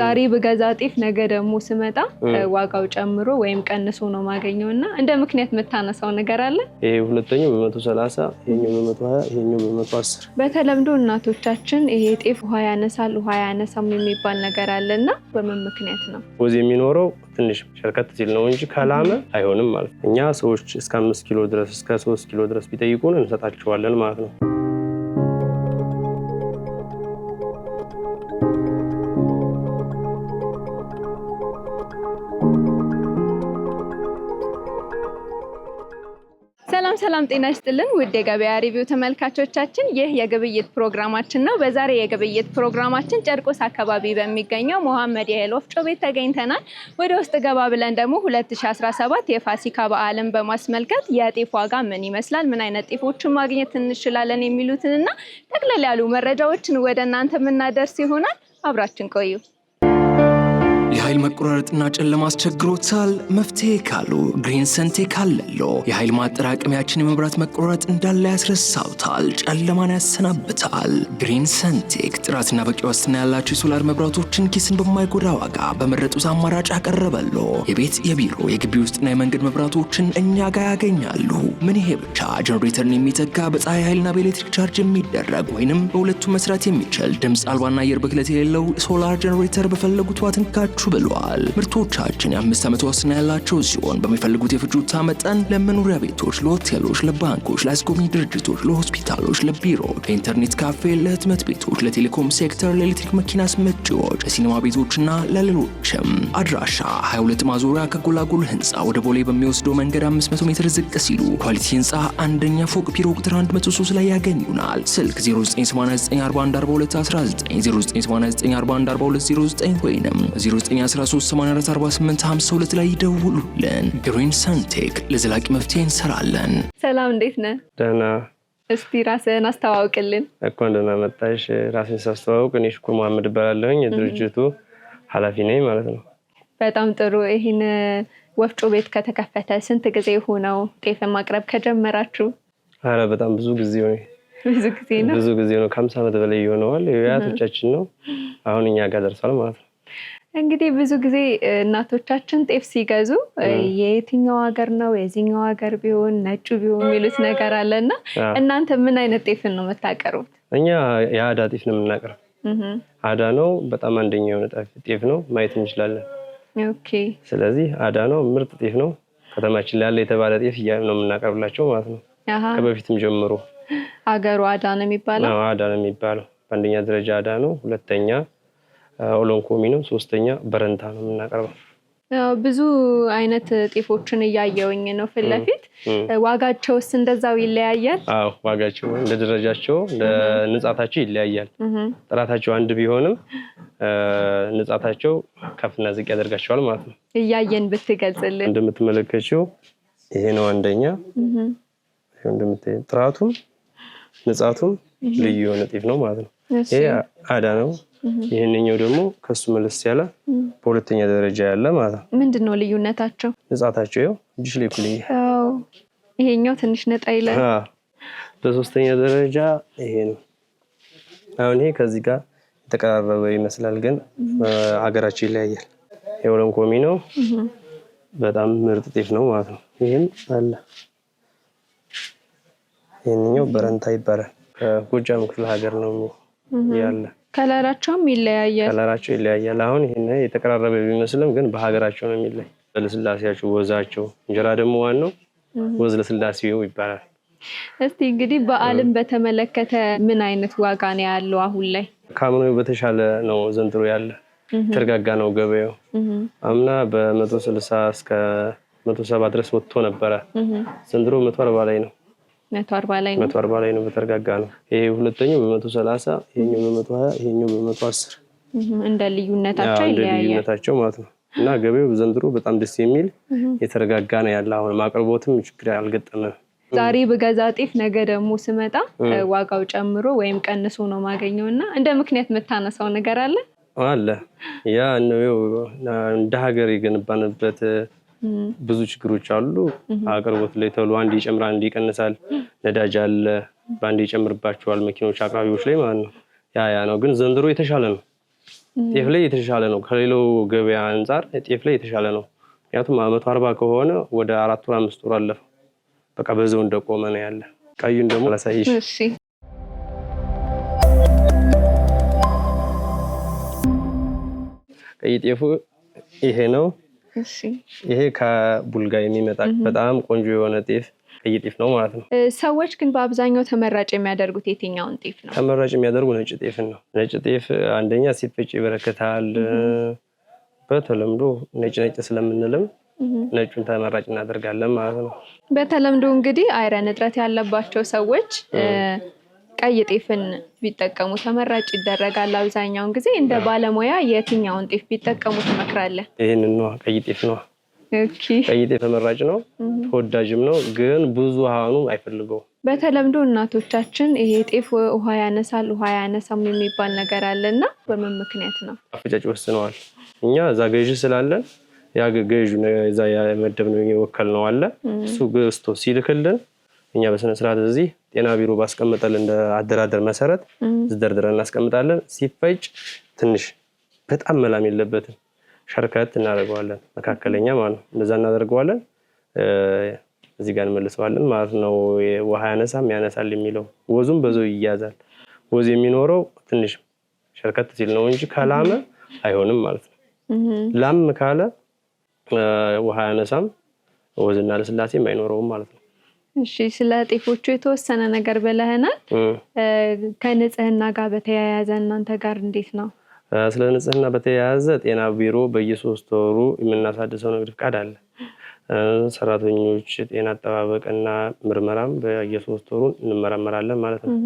ዛሬ ብገዛ ጤፍ ነገ ደግሞ ስመጣ ዋጋው ጨምሮ ወይም ቀንሶ ነው ማገኘው እና እንደ ምክንያት የምታነሳው ነገር አለ። ይሄ ሁለተኛው በመቶ ሰላሳ ይሄኛው በመቶ ሀያ ይሄኛው በመቶ አስር በተለምዶ እናቶቻችን ይሄ ጤፍ ውሃ ያነሳል ውሃ ያነሳም የሚባል ነገር አለ እና በምን ምክንያት ነው ወዚ የሚኖረው? ትንሽ ሸርከት ሲል ነው እንጂ ከላመ አይሆንም ማለት እኛ ሰዎች እስከ አምስት ኪሎ ድረስ እስከ ሶስት ኪሎ ድረስ ቢጠይቁን እንሰጣቸዋለን ማለት ነው። ሰላም ጤና ይስጥልን ውድ የገበያ ሪቪው ተመልካቾቻችን፣ ይህ የግብይት ፕሮግራማችን ነው። በዛሬ የግብይት ፕሮግራማችን ጨርቆስ አካባቢ በሚገኘው መሐመድ የህል ወፍጮ ቤት ተገኝተናል። ወደ ውስጥ ገባ ብለን ደግሞ 2017 የፋሲካ በዓልን በማስመልከት የጤፍ ዋጋ ምን ይመስላል፣ ምን አይነት ጤፎችን ማግኘት እንችላለን እና ጠቅለል ያሉ መረጃዎችን ወደ እናንተ የምናደርስ ይሆናል። አብራችን ቆዩ። የኃይል መቆራረጥና ጨለማ አስቸግሮታል? መፍትሄ ካሉ ግሪን ሰንቴ ካለሎ የኃይል ማጠራቀሚያችን የመብራት መቆራረጥ እንዳለ ያስረሳውታል፣ ጨለማን ያሰናብታል። ግሪን ሰንቴክ ጥራትና በቂ ዋስትና ያላቸው የሶላር መብራቶችን ኪስን በማይጎዳ ዋጋ በመረጡት አማራጭ አቀረበሎ። የቤት የቢሮ የግቢ ውስጥና የመንገድ መብራቶችን እኛ ጋር ያገኛሉ። ምን ይሄ ብቻ ጀኔሬተርን የሚተካ በፀሐይ ኃይልና በኤሌክትሪክ ቻርጅ የሚደረግ ወይንም በሁለቱም መስራት የሚችል ድምፅ አልባና አየር ብክለት የሌለው ሶላር ጀኔሬተር በፈለጉት ዋትንካችሁ ናችሁ ብለዋል። ምርቶቻችን የአምስት ዓመት ዋስትና ያላቸው ሲሆን በሚፈልጉት የፍጆታ መጠን ለመኖሪያ ቤቶች፣ ለሆቴሎች፣ ለባንኮች፣ ለአስጎብኚ ድርጅቶች፣ ለሆስፒታሎች፣ ለቢሮ፣ ለኢንተርኔት ካፌ፣ ለህትመት ቤቶች፣ ለቴሌኮም ሴክተር፣ ለኤሌክትሪክ መኪና አስመጪዎች፣ ለሲኒማ ቤቶችና ለሌሎችም። አድራሻ 22 ማዞሪያ ከጎላጎል ህንፃ ወደ ቦሌ በሚወስደው መንገድ 500 ሜትር ዝቅ ሲሉ ኳሊቲ ህንፃ አንደኛ ፎቅ ቢሮ ቁጥር 103 ላይ ያገኙናል። ስልክ 0989414219 0989414209 ወይም 09138448 ላይ ይደውሉልን። ግሪን ሰንቴክ ለዘላቂ መፍትሄ እንሰራለን። ሰላም፣ እንዴት ነ? ደህና። እስቲ ራስን አስተዋውቅልን። እንኳን ደህና መጣሽ። ራሴን ሳስተዋውቅ እኔ ሽኩር መሐመድ እባላለሁኝ የድርጅቱ ኃላፊ ነኝ ማለት ነው። በጣም ጥሩ። ይህን ወፍጮ ቤት ከተከፈተ ስንት ጊዜ ሆነው ጤፍ ማቅረብ ከጀመራችሁ? አረ በጣም ብዙ ጊዜ ሆነ። ብዙ ጊዜ ነው። ብዙ ጊዜ ነው። ከሀምሳ ዓመት በላይ ይሆነዋል። የአያቶቻችን ነው። አሁን እኛ ጋር ደርሷል ማለት ነው። እንግዲህ ብዙ ጊዜ እናቶቻችን ጤፍ ሲገዙ የየትኛው ሀገር ነው የዚህኛው ሀገር ቢሆን ነጩ ቢሆን የሚሉት ነገር አለ እና እናንተ ምን አይነት ጤፍን ነው የምታቀርቡት? እኛ የአዳ ጤፍ ነው የምናቀርብ። አዳ ነው በጣም አንደኛ የሆነ ጤፍ ነው ማየት እንችላለን። ኦኬ። ስለዚህ አዳ ነው ምርጥ ጤፍ ነው። ከተማችን ላይ ያለ የተባለ ጤፍ ነው የምናቀርብላቸው ማለት ነው። ከበፊትም ጀምሮ ሀገሩ አዳ ነው የሚባለው። አዳ ነው የሚባለው። በአንደኛ ደረጃ አዳ ነው። ሁለተኛ ኦሎንኮሚ ነው። ሶስተኛ በረንታ ነው የምናቀርበው። ብዙ አይነት ጤፎችን እያየውኝ ነው ፍለፊት ዋጋቸው ዋጋቸውስ እንደዛው ይለያያል? ዋጋቸው እንደ ደረጃቸው እንደ ንጻታቸው ይለያያል። ጥራታቸው አንድ ቢሆንም ንጻታቸው ከፍና ዝቅ ያደርጋቸዋል ማለት ነው። እያየን ብትገልጽልን። እንደምትመለከችው ይሄ ነው አንደኛ። ጥራቱም ንጻቱም ልዩ የሆነ ጤፍ ነው ማለት ነው። ይሄ አዳ ነው ይህንኛው ደግሞ ከሱ መለስ ያለ በሁለተኛ ደረጃ ያለ ማለት ነው። ምንድን ነው ልዩነታቸው? ንጻታቸው ው እጅሽ ላይ ኩል ይሄኛው ትንሽ ነጣ ይላል። በሶስተኛ ደረጃ ይሄ ነው። አሁን ይሄ ከዚህ ጋር የተቀራረበ ይመስላል፣ ግን ሀገራችን ይለያያል። የኦለንኮሚ ነው። በጣም ምርጥ ጤፍ ነው ማለት ነው። ይህም አለ። ይህንኛው በረንታ ይባላል። ከጎጃም ክፍለ ሀገር ነው ያለ ከለራቸውም ይለያያል። ከለራቸው ይለያያል። አሁን ይህ የተቀራረበ ቢመስልም ግን በሀገራቸው ነው የሚለይ። ለስላሴያቸው፣ ወዛቸው እንጀራ ደግሞ ዋናው ወዝ ለስላሴው ይባላል። እስቲ እንግዲህ በዓልን በተመለከተ ምን አይነት ዋጋ ነው ያለው? አሁን ላይ ከአምና በተሻለ ነው ዘንድሮ ያለ የተረጋጋ ነው ገበያው። አምና በመቶ ስልሳ እስከ መቶ ሰባ ድረስ ወጥቶ ነበረ። ዘንድሮ መቶ አርባ ላይ ነው። መቶ አርባ ላይ ነው በተረጋጋ ነው። ይሄ ሁለተኛው በመቶ ሰላሳ ይሄኛው በመቶ ሀያ ይሄኛው በመቶ አስር እንደ ልዩነታቸው እንደ ልዩነታቸው ማለት ነው። እና ገበያው ዘንድሮ በጣም ደስ የሚል የተረጋጋ ነው ያለ። አሁን አቅርቦትም ችግር አልገጠመም። ዛሬ በገዛ ጤፍ ነገ ደግሞ ስመጣ ዋጋው ጨምሮ ወይም ቀንሶ ነው ማገኘው እና እንደ ምክንያት የምታነሳው ነገር አለ አለ ያ እንደ ሀገር የገነባንበት ብዙ ችግሮች አሉ። አቅርቦት ላይ ተብሎ አንድ ይጨምራል፣ አንድ ይቀንሳል። ነዳጅ አለ፣ በአንድ ይጨምርባቸዋል መኪኖች አቅራቢዎች ላይ ማለት ነው። ያ ያ ነው። ግን ዘንድሮ የተሻለ ነው። ጤፍ ላይ የተሻለ ነው። ከሌላው ገበያ አንጻር ጤፍ ላይ የተሻለ ነው። ምክንያቱም መቶ አርባ ከሆነ ወደ አራት ወር አምስት ወር አለፈው። በቃ በዛው እንደቆመ ነው ያለ። ቀዩን ደግሞ አላሳይሽ ቀይ ጤፉ ይሄ ነው። ይሄ ከቡልጋ የሚመጣ በጣም ቆንጆ የሆነ ጤፍ ቀይ ጤፍ ነው ማለት ነው። ሰዎች ግን በአብዛኛው ተመራጭ የሚያደርጉት የትኛውን ጤፍ ነው? ተመራጭ የሚያደርጉ ነጭ ጤፍን ነው። ነጭ ጤፍ አንደኛ ሲፈጭ ይበረክታል። በተለምዶ ነጭ ነጭ ስለምንልም ነጩን ተመራጭ እናደርጋለን ማለት ነው። በተለምዶ እንግዲህ አይረን እጥረት ያለባቸው ሰዎች ቀይ ጤፍን ቢጠቀሙ ተመራጭ ይደረጋል። አብዛኛውን ጊዜ እንደ ባለሙያ የትኛውን ጤፍ ቢጠቀሙ ትመክራለህ? ይህን ነዋ፣ ቀይ ጤፍ ነዋ። ቀይ ጤፍ ተመራጭ ነው፣ ተወዳጅም ነው። ግን ብዙሃኑ አይፈልገውም። በተለምዶ እናቶቻችን ይሄ ጤፍ ውሃ ያነሳል፣ ውሃ ያነሳም የሚባል ነገር አለ እና በምን ምክንያት ነው? አፈጫጭ ወስነዋል። እኛ እዛ ገዥ ስላለን ያ ገዥ የመደብነው ነው አለ እሱ ገዝቶ ሲልክልን እኛ በስነስርዓት እዚህ ጤና ቢሮ ባስቀምጠል እንደ አደራደር መሰረት ዝደርድረን እናስቀምጣለን። ሲፈጭ ትንሽ በጣም መላም የለበትም ሸርከት እናደርገዋለን። መካከለኛ ማለት ነው። እንደዛ እናደርገዋለን። እዚህ ጋር እንመልሰዋለን ማለት ነው። ውሃ ያነሳም ያነሳል የሚለው ወዙም በዛው ይያዛል። ወዝ የሚኖረው ትንሽ ሸርከት ሲል ነው እንጂ ከላመ አይሆንም ማለት ነው። ላም ካለ ውሃ ያነሳም ወዝና ለስላሴም አይኖረውም ማለት ነው። እሺ ስለ ጤፎቹ የተወሰነ ነገር ብለህናል። ከንጽህና ጋር በተያያዘ እናንተ ጋር እንዴት ነው? ስለ ንጽህና በተያያዘ ጤና ቢሮ በየሶስት ወሩ የምናሳድሰው ንግድ ፍቃድ አለ። ሰራተኞች ጤና አጠባበቅና ምርመራም በየሶስት ወሩ እንመረመራለን ማለት ነው።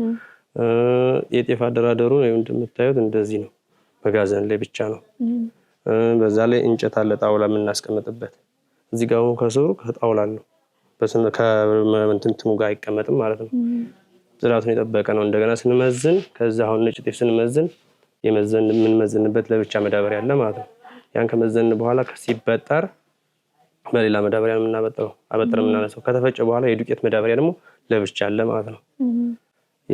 የጤፍ አደራደሩ ወይም እንደምታዩት እንደዚህ ነው። መጋዘን ላይ ብቻ ነው። በዛ ላይ እንጨት አለ ጣውላ የምናስቀምጥበት። እዚህ ጋር ከስሩ ከጣውላ ነው ከምንትንትሙ ጋር አይቀመጥም ማለት ነው። ጽዳቱን የጠበቀ ነው። እንደገና ስንመዝን ከዚ አሁን ነጭ ጤፍ ስንመዝን የምንመዝንበት ለብቻ መዳበሪያ አለ ማለት ነው። ያን ከመዘን በኋላ ሲበጠር በሌላ መዳበሪያ የምናበጥረው አበጥር የምናነሰው ከተፈጨ በኋላ የዱቄት መዳበሪያ ደግሞ ለብቻ አለ ማለት ነው።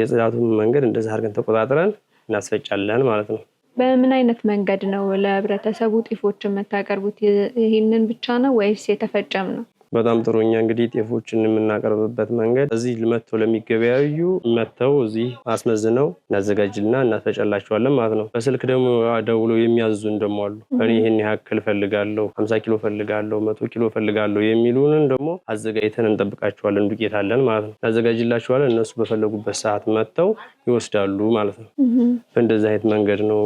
የጽዳቱን መንገድ እንደዚ አድርገን ተቆጣጥረን እናስፈጫለን ማለት ነው። በምን አይነት መንገድ ነው ለህብረተሰቡ ጤፎች የምታቀርቡት? ይህንን ብቻ ነው ወይስ የተፈጨም ነው? በጣም ጥሩ። እኛ እንግዲህ ጤፎችን የምናቀርብበት መንገድ እዚህ መጥተው ለሚገበያዩ መጥተው እዚህ አስመዝነው እናዘጋጅልና እናስፈጨላቸዋለን ማለት ነው። በስልክ ደግሞ ደውሎ የሚያዙን ደግሞ አሉ። እኔ ይህን ያክል ፈልጋለሁ፣ ሀምሳ ኪሎ ፈልጋለሁ፣ መቶ ኪሎ ፈልጋለሁ የሚሉንን ደግሞ አዘጋጅተን እንጠብቃቸዋለን። ዱቄት አለን ማለት ነው። እናዘጋጅላቸዋለን። እነሱ በፈለጉበት ሰዓት መጥተው ይወስዳሉ ማለት ነው። በእንደዚህ አይነት መንገድ ነው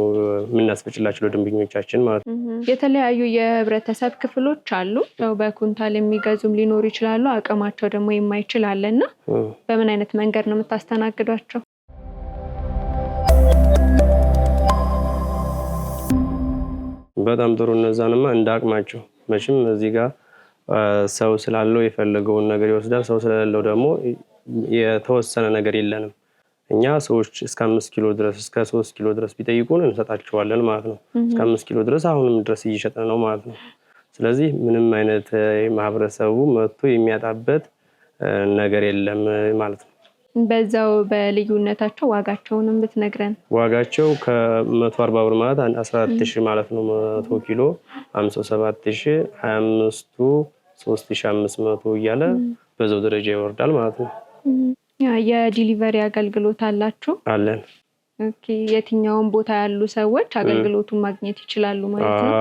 የምናስፈጭላቸው ለደንበኞቻችን ማለት ነው። የተለያዩ የህብረተሰብ ክፍሎች አሉ በኩንታል የሚገ የተያዙም ሊኖሩ ይችላሉ። አቅማቸው ደግሞ የማይችል እና በምን አይነት መንገድ ነው የምታስተናግዷቸው? በጣም ጥሩ። እነዛንማ እንደ አቅማቸው መቼም እዚህ ጋር ሰው ስላለው የፈለገውን ነገር ይወስዳል። ሰው ስለሌለው ደግሞ የተወሰነ ነገር የለንም። እኛ ሰዎች እስከ አምስት ኪሎ ድረስ እስከ ሶስት ኪሎ ድረስ ቢጠይቁን እንሰጣቸዋለን ማለት ነው። እስከ አምስት ኪሎ ድረስ አሁንም ድረስ እየሸጠ ነው ማለት ነው። ስለዚህ ምንም አይነት ማህበረሰቡ መቶ የሚያጣበት ነገር የለም ማለት ነው። በዛው በልዩነታቸው ዋጋቸውንም ብትነግረን። ዋጋቸው ከመቶ አርባ ብር ማለት አስራ አራት ሺህ ማለት ነው። መቶ ኪሎ አምሳ ሰባት ሺህ ሀያ አምስቱ ሶስት ሺህ አምስት መቶ እያለ በዛው ደረጃ ይወርዳል ማለት ነው። የዲሊቨሪ አገልግሎት አላችሁ? አለን። የትኛውን ቦታ ያሉ ሰዎች አገልግሎቱን ማግኘት ይችላሉ ማለት ነው።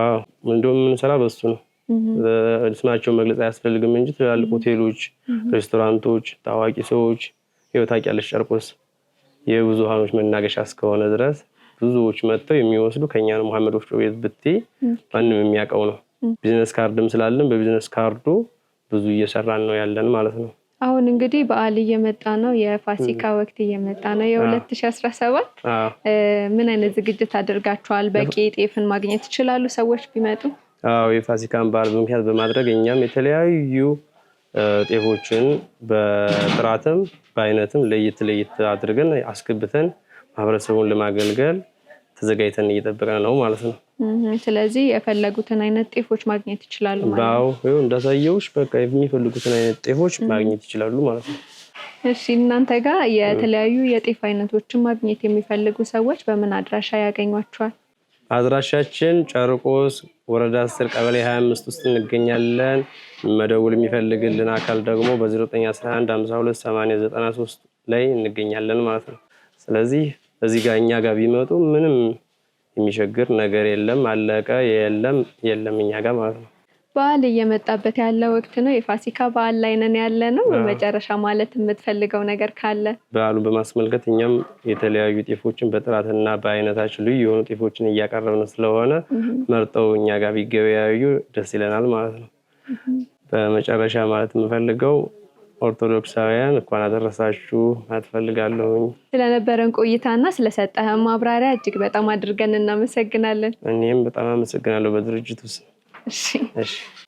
እንዲሁም የምንሰራ በሱ ነው። ስማቸውን መግለጽ አያስፈልግም እንጂ ትላልቅ ሆቴሎች፣ ሬስቶራንቶች፣ ታዋቂ ሰዎች ያለች ጨርቆስ የብዙሃኖች መናገሻ እስከሆነ ድረስ ብዙዎች መጥተው የሚወስዱ ከኛ ነው። መሐመድ ወፍጮ ቤት ብት ማንም የሚያውቀው ነው። ቢዝነስ ካርድም ስላለን በቢዝነስ ካርዱ ብዙ እየሰራን ነው ያለን ማለት ነው። አሁን እንግዲህ በዓል እየመጣ ነው። የፋሲካ ወቅት እየመጣ ነው። የ2017 ምን አይነት ዝግጅት አድርጋችኋል? በቂ ጤፍን ማግኘት ይችላሉ ሰዎች ቢመጡ? አዎ የፋሲካን በዓል በምክንያት በማድረግ እኛም የተለያዩ ጤፎችን በጥራትም በአይነትም ለየት ለየት አድርገን አስገብተን ማህበረሰቡን ለማገልገል ተዘጋጅተን እየጠበቅን ነው ማለት ነው። ስለዚህ የፈለጉትን አይነት ጤፎች ማግኘት ይችላሉ ማለት ነው። እንዳሳየውሽ በቃ የሚፈልጉትን አይነት ጤፎች ማግኘት ይችላሉ ማለት ነው። እሺ እናንተ ጋር የተለያዩ የጤፍ አይነቶችን ማግኘት የሚፈልጉ ሰዎች በምን አድራሻ ያገኟቸዋል? አድራሻችን ጨርቆስ ወረዳ 10 ቀበሌ 25 ውስጥ እንገኛለን። መደውል የሚፈልግልን አካል ደግሞ በ0911 528093 ላይ እንገኛለን ማለት ነው። ስለዚህ እዚህ ጋር እኛ ጋር ቢመጡ ምንም የሚሸግር ነገር የለም። አለቀ የለም የለም እኛ ጋር ማለት ነው። በዓል እየመጣበት ያለ ወቅት ነው። የፋሲካ በዓል ላይ ነን ያለ ነው። በመጨረሻ ማለት የምትፈልገው ነገር ካለ? በዓሉን በማስመልከት እኛም የተለያዩ ጤፎችን በጥራትና በአይነታችን ልዩ የሆኑ ጤፎችን እያቀረብን ስለሆነ መርጠው እኛ ጋር ቢገበያዩ ደስ ይለናል ማለት ነው። በመጨረሻ ማለት የምፈልገው ኦርቶዶክሳውያን እንኳን አደረሳችሁ አትፈልጋለሁኝ። ስለነበረን ቆይታና ስለሰጠህን ማብራሪያ እጅግ በጣም አድርገን እናመሰግናለን። እኔም በጣም አመሰግናለሁ በድርጅቱ ስም።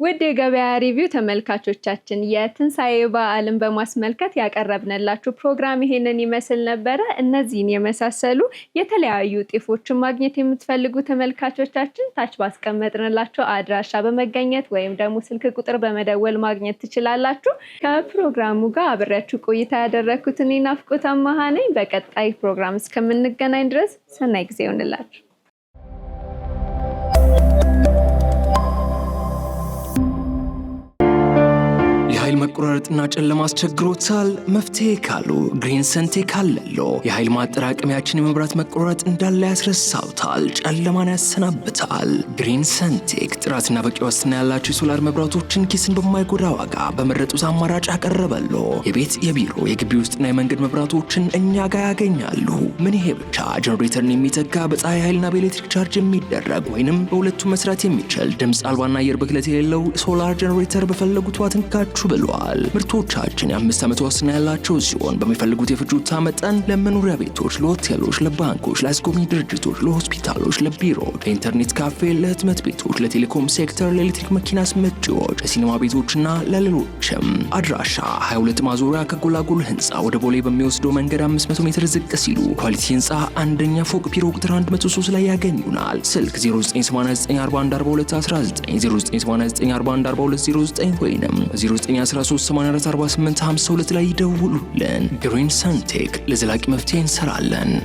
ውድ የገበያ ሪቪው ተመልካቾቻችን የትንሣኤ በዓልን በማስመልከት ያቀረብንላችሁ ፕሮግራም ይሄንን ይመስል ነበረ። እነዚህን የመሳሰሉ የተለያዩ ጤፎችን ማግኘት የምትፈልጉ ተመልካቾቻችን ታች ባስቀመጥንላችሁ አድራሻ በመገኘት ወይም ደግሞ ስልክ ቁጥር በመደወል ማግኘት ትችላላችሁ። ከፕሮግራሙ ጋር አብሬያችሁ ቆይታ ያደረግኩት እኔ ናፍቆት ነኝ። በቀጣይ ፕሮግራም እስከምንገናኝ ድረስ ሰናይ ጊዜ ይሆንላችሁ። መቆራረጥና ጨለማ አስቸግሮታል? መፍትሄ ካሉ ግሪን ሰንቴ ካለሎ የኃይል ማጠራቀሚያችን የመብራት መቆራረጥ እንዳለ ያስረሳውታል፣ ጨለማን ያሰናብታል። ግሪን ቴክ ጥራትና በቂ ዋስትና ያላቸው የሶላር መብራቶችን ኪስን በማይጎዳ ዋጋ በመረጡት አማራጭ አቀረበሎ። የቤት የቢሮ የግቢ ውስጥና የመንገድ መብራቶችን እኛ ጋር ያገኛሉ። ምን ይሄ ብቻ ጀኔሬተርን የሚተካ በፀሐይ ኃይልና በኤሌክትሪክ ቻርጅ የሚደረግ ወይንም በሁለቱም መስራት የሚችል ድምፅ አልባና አየር ብክለት የሌለው ሶላር ጀኔሬተር በፈለጉት ዋትንካችሁ ብሏል። ምርቶቻችን የአምስት ዓመት ዋስትና ያላቸው ሲሆን በሚፈልጉት የፍጆታ መጠን ለመኖሪያ ቤቶች፣ ለሆቴሎች፣ ለባንኮች፣ ለአስጎብኝ ድርጅቶች፣ ለሆስፒታሎች፣ ለቢሮ፣ ለኢንተርኔት ካፌ፣ ለህትመት ቤቶች፣ ለቴሌኮም ሴክተር፣ ለኤሌክትሪክ መኪና አስመጪዎች፣ ለሲኒማ ቤቶችና ለሌሎችም። አድራሻ 22 ማዞሪያ ከጎላጎል ህንፃ ወደ ቦሌ በሚወስደው መንገድ 500 ሜትር ዝቅ ሲሉ ኳሊቲ ህንፃ አንደኛ ፎቅ ቢሮ ቁጥር 103 ላይ ያገኙናል። ስልክ 0989414219 0989414209 ወይም 0913 844852 ላይ ይደውሉልን። ግሪን ሰንቴክ ለዘላቂ መፍትሄ እንሰራለን።